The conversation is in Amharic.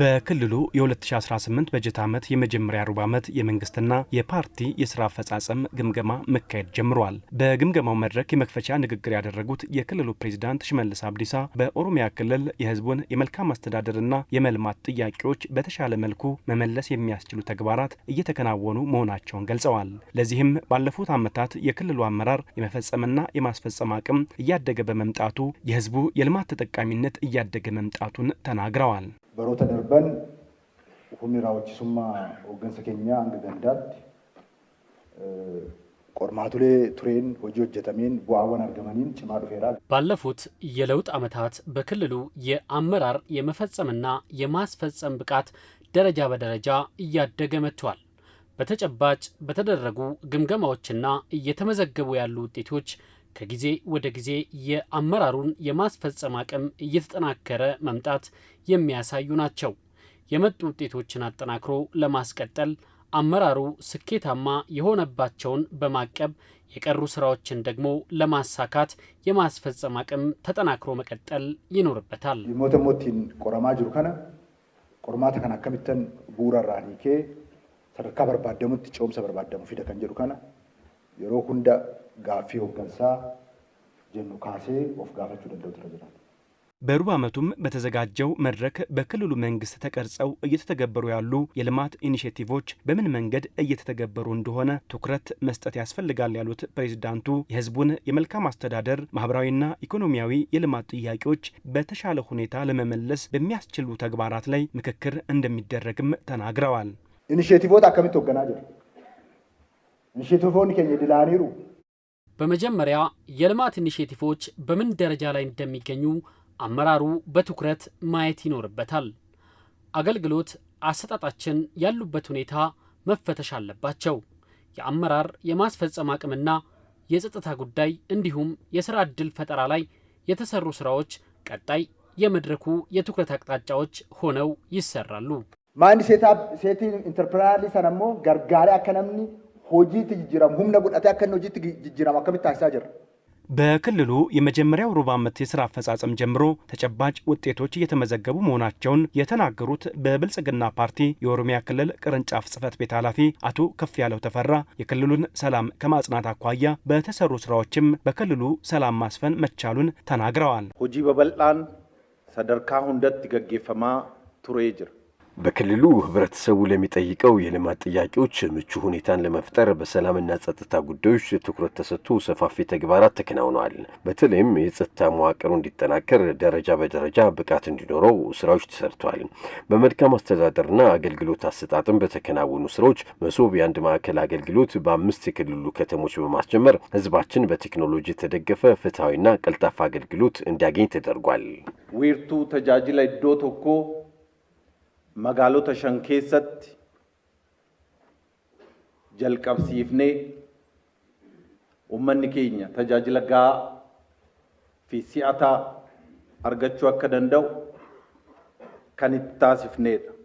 በክልሉ የ2018 በጀት ዓመት የመጀመሪያ ሩብ ዓመት የመንግስትና የፓርቲ የስራ አፈጻጸም ግምገማ መካሄድ ጀምሯል። በግምገማው መድረክ የመክፈቻ ንግግር ያደረጉት የክልሉ ፕሬዚዳንት ሽመልስ አብዲሳ በኦሮሚያ ክልል የህዝቡን የመልካም አስተዳደርና የመልማት ጥያቄዎች በተሻለ መልኩ መመለስ የሚያስችሉ ተግባራት እየተከናወኑ መሆናቸውን ገልጸዋል። ለዚህም ባለፉት ዓመታት የክልሉ አመራር የመፈጸምና የማስፈጸም አቅም እያደገ በመምጣቱ የህዝቡ የልማት ተጠቃሚነት እያደገ መምጣቱን ተናግረዋል። በሮተ darban humni raawwachiisummaa hooggansa keenyaa hanga gandaatti ቆርማቱሌ ቱሬን ሆጂ ሆጀተሜን ቡአወን አርገመኒን ጭማ ዱፌራል ባለፉት የለውጥ ዓመታት በክልሉ የአመራር የመፈጸምና የማስፈጸም ብቃት ደረጃ በደረጃ እያደገ መጥቷል። በተጨባጭ በተደረጉ ግምገማዎችና እየተመዘገቡ ያሉ ውጤቶች ከጊዜ ወደ ጊዜ የአመራሩን የማስፈጸም አቅም እየተጠናከረ መምጣት የሚያሳዩ ናቸው። የመጡ ውጤቶችን አጠናክሮ ለማስቀጠል አመራሩ ስኬታማ የሆነባቸውን በማቀብ የቀሩ ስራዎችን ደግሞ ለማሳካት የማስፈጸም አቅም ተጠናክሮ መቀጠል ይኖርበታል። ሞተሞቲን ቆረማ ጅሩ ከነ ቆርማተ ከን አከሚተን ቡረራ ሰደርካ በርባደሙት ጨውምሰ በርባደሙ ፊደ ከን ጅሩ ከነ yeroo hunda gaaffii hoggansaa jennu kaasee of gaafachuu danda'u jira jiraatu በሩብ ዓመቱም በተዘጋጀው መድረክ በክልሉ መንግስት ተቀርጸው እየተተገበሩ ያሉ የልማት ኢኒሽቲቮች በምን መንገድ እየተተገበሩ እንደሆነ ትኩረት መስጠት ያስፈልጋል ያሉት ፕሬዚዳንቱ የህዝቡን የመልካም አስተዳደር ማህበራዊና ኢኮኖሚያዊ የልማት ጥያቄዎች በተሻለ ሁኔታ ለመመለስ በሚያስችሉ ተግባራት ላይ ምክክር እንደሚደረግም ተናግረዋል። ኢኒሽቲቮት አከሚት ወገናጀር ኢኒሼቲቮን ከኝ ድላኒሩ በመጀመሪያ የልማት ኢኒሼቲቮች በምን ደረጃ ላይ እንደሚገኙ አመራሩ በትኩረት ማየት ይኖርበታል። አገልግሎት አሰጣጣችን ያሉበት ሁኔታ መፈተሽ አለባቸው። የአመራር የማስፈጸም አቅምና የጸጥታ ጉዳይ እንዲሁም የስራ ዕድል ፈጠራ ላይ የተሰሩ ስራዎች ቀጣይ የመድረኩ የትኩረት አቅጣጫዎች ሆነው ይሰራሉ። ማንድ ሴቲ ኢንተርፕራሊ ሰነሞ ገርጋሪ አከነምኒ hojiitti jijjiiramu humna godhatee akka inni hojiitti jijjiiramu akkamitti taasisaa jirra. በክልሉ የመጀመሪያው ሩብ ዓመት የስራ አፈጻጸም ጀምሮ ተጨባጭ ውጤቶች እየተመዘገቡ መሆናቸውን የተናገሩት በብልጽግና ፓርቲ የኦሮሚያ ክልል ቅርንጫፍ ጽህፈት ቤት ኃላፊ አቶ ከፍ ያለው ተፈራ የክልሉን ሰላም ከማጽናት አኳያ በተሰሩ ስራዎችም በክልሉ ሰላም ማስፈን መቻሉን ተናግረዋል። ሆጂ በበልጣን ሰደርካ ሁንደት ገጌፈማ ቱሬ ጅር በክልሉ ህብረተሰቡ ለሚጠይቀው የልማት ጥያቄዎች ምቹ ሁኔታን ለመፍጠር በሰላምና ጸጥታ ጉዳዮች ትኩረት ተሰጥቶ ሰፋፊ ተግባራት ተከናውነዋል። በተለይም የጸጥታ መዋቅሩ እንዲጠናከር ደረጃ በደረጃ ብቃት እንዲኖረው ስራዎች ተሰርተዋል። በመልካም አስተዳደርና አገልግሎት አሰጣጥም በተከናወኑ ስራዎች መሶብ የአንድ ማዕከል አገልግሎት በአምስት የክልሉ ከተሞች በማስጀመር ህዝባችን በቴክኖሎጂ የተደገፈ ፍትሐዊና ቀልጣፋ አገልግሎት እንዲያገኝ ተደርጓል። ዊርቱ ተጃጅላ ዶ ቶኮ magaalota shan keessatti jalqabsiifnee uummanni keenya tajaajila gahaa fi si'ataa argachuu akka danda'u kan itti taasifneedha.